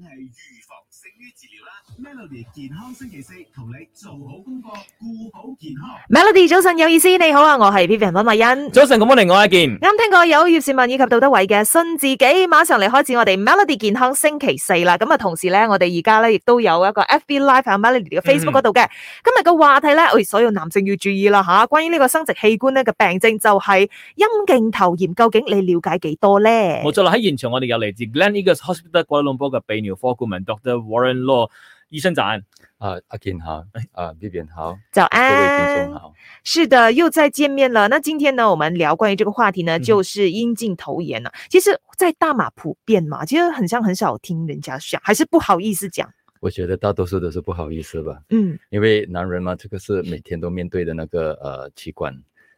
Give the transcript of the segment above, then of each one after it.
係預防勝於治療啦。Melody 健康星期四同你做好功課，顧好健康。Melody 早晨有意思，你好啊，我係 Vivian 溫慧欣。早晨，咁啊，另外一件，啱聽過有葉倩文以及杜德偉嘅信自己，馬上嚟開始我哋 Melody 健康星期四啦。咁啊，同時咧，我哋而家咧亦都有一個 FB Live 係 Melody 嘅 Facebook 嗰度嘅。今日個話題咧，我、哎、哋所有男性要注意啦吓，關於呢個生殖器官呢嘅病症就係陰莖頭炎，究竟你了解幾多咧？冇錯啦，喺現場我哋又嚟自 Gleneagles Hospital Kuala Lumpur 嘅病人。有法律顧問 Dr. Warren Law 醫生早安啊，阿、uh, 健好，啊 Vivian 好，早安，各位聽眾好，是的，又再見面了。那今天呢，我們聊關於這個話題呢，嗯、就是陰莖頭炎啊。其實，在大馬普遍嘛，其實很像很少聽人家講，還是不好意思講。我覺得大多數都是不好意思吧，嗯，因為男人嘛，這個是每天都面對的那個呃器官。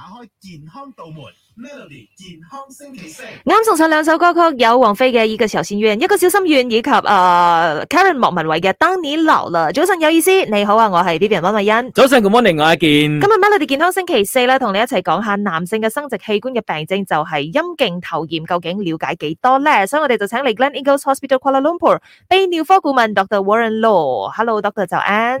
打開健康道門，Melody 健康星期四，啱送上兩首歌曲，有王菲嘅《一個小心願》，一個小心願，以及誒、呃、Karen 莫文蔚嘅《當你老了》啦。早晨有意思，你好啊，我係 B B Y 温麗欣。早晨 Good morning，我係阿健。今日 Melody 健康星期四咧，同你一齊講一下男性嘅生殖器官嘅病症，就係陰莖頭炎，究竟了解幾多咧？所以我哋就請嚟 Gleneagles Hospital Kuala Lumpur 泌尿科顧問 Doctor Warren Law Hello,。Hello，Doctor 早安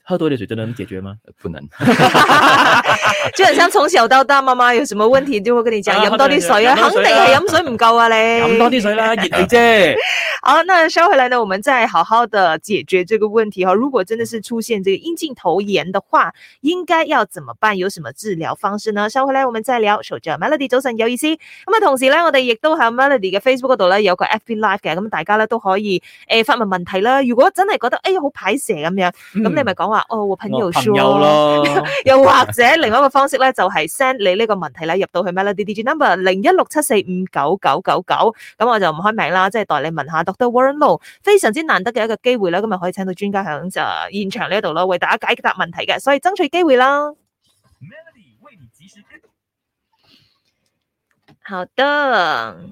喝多啲水真的能解決嗎？不能， 就好像從小到大，媽媽有什麼問題就會跟你講，飲 多啲水、啊、水啊，肯定係飲水唔夠啊你！飲多啲水啦，熱氣啫。 好，那稍回來呢，我們再好好的解決這個問題哈。如果真的是出現這個陰莖頭炎的話，應該要怎麼辦？有什麼治療方式呢？稍回來我們再聊。守着 Melody 早晨有意思。咁啊，同時咧我哋亦都喺 Melody 嘅 Facebook 度咧有個 FB Live 嘅，咁大家咧都可以誒、呃、發問問題啦。如果真係覺得誒、哎、好排蛇咁樣，咁、嗯、你咪講。話哦，朋友咯，我朋友了 又或者另外一個方式咧，就係 send 你呢個問題咧入到去 Melody D D G number 零一六七四五九九九九，咁我就唔開名啦，即係代你問下 doctor Warren Low，非常之難得嘅一個機會啦，今日可以請到專家響誒現場呢度咯，為大家解答問題嘅，所以爭取機會啦。好的。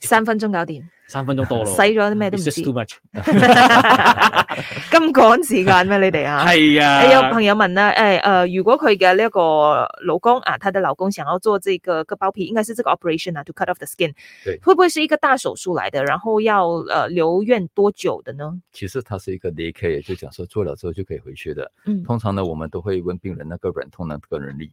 三分鐘搞掂，三分鐘多啦，洗咗啲咩都唔知。咁趕 時間咩？你哋啊，係啊。有朋友問啦，誒、哎，誒、呃，如果佢嘅呢個老公啊，她的老公想要做這個割包皮，應該是這個 operation 啊，to cut off the skin，對，會不會是一個大手術來的？然後要誒、呃、留院多久的呢？其實它是一個 day care，就講說做了之後就可以回去的。嗯，通常呢，我們都會問病人嗰、那個忍痛能耐、那個、力。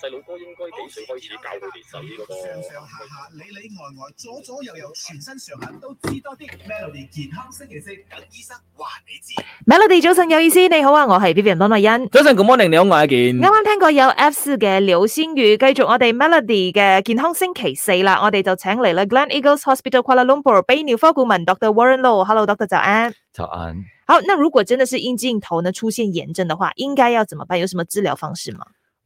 細佬哥應該幾歲開始教練？手上上下下裏裏外外左左右右全身上下都知多啲。Melody 健康星期四等醫生話你知。Melody 早晨有意思，你好啊，我係 Vivian 方麗欣。早晨 Good morning，你好我阿健。啱啱聽過有 F4 嘅流星雨，繼續我哋 Melody 嘅健康星期四啦。我哋就請嚟啦 Glen Eagles Hospital Kuala Lumpur Bainil 泌尿科顧問 Dr Warren Low。Hello，Dr 早安。早安。好，那如果真的是陰莖頭呢出現炎症的話，應該要怎麼辦？有什麼治療方式嗎？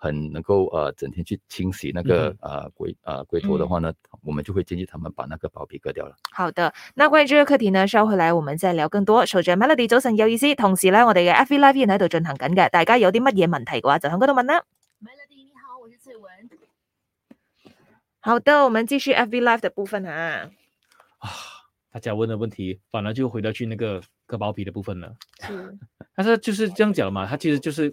很能夠，誒、呃，整天去清洗那個，誒、嗯，龜、呃，誒，龜、呃、頭的話呢、嗯，我們就會建議他們把那個包皮割掉了。好的，那關於這個課題呢，稍後回嚟，我們再聊更多。隨着 Melody 早晨有意思，同時呢，我哋的 FV Live 仍在喺度進行緊嘅，大家有啲乜嘢問題嘅話，就響嗰度問啦。Melody 你好，我是志文。好的，我們繼續 FV Live 的部分啊。啊，大家問嘅問題，反而就回到去那個割包皮的部分啦。是，但是就是這樣講嘛，佢其實就是。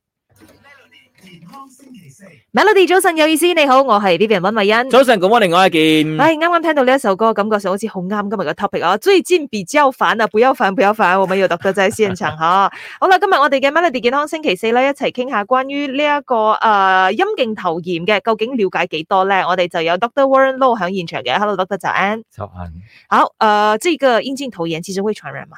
健康星期四，Melody 早晨有意思，你好，我係 Vivian 溫慧欣。早晨 Good morning 另外一件。我係啱啱聽到呢一首歌，感覺上好似好啱今日嘅 topic 啊！最近比較煩啊，不要煩，不要煩，我咪要 doctor 仔喺現場吓。 好啦，今日我哋嘅 Melody 健康星期四咧，一齊傾下關於呢一個誒陰莖頭炎嘅，究竟了解幾多咧？我哋就有 doctor Warren Low 響現場嘅，hello，doctor 就安。就安 Hello, Dr. Jan. 好、呃、誒，即、這、係個陰莖頭炎，至少會傳染嘛？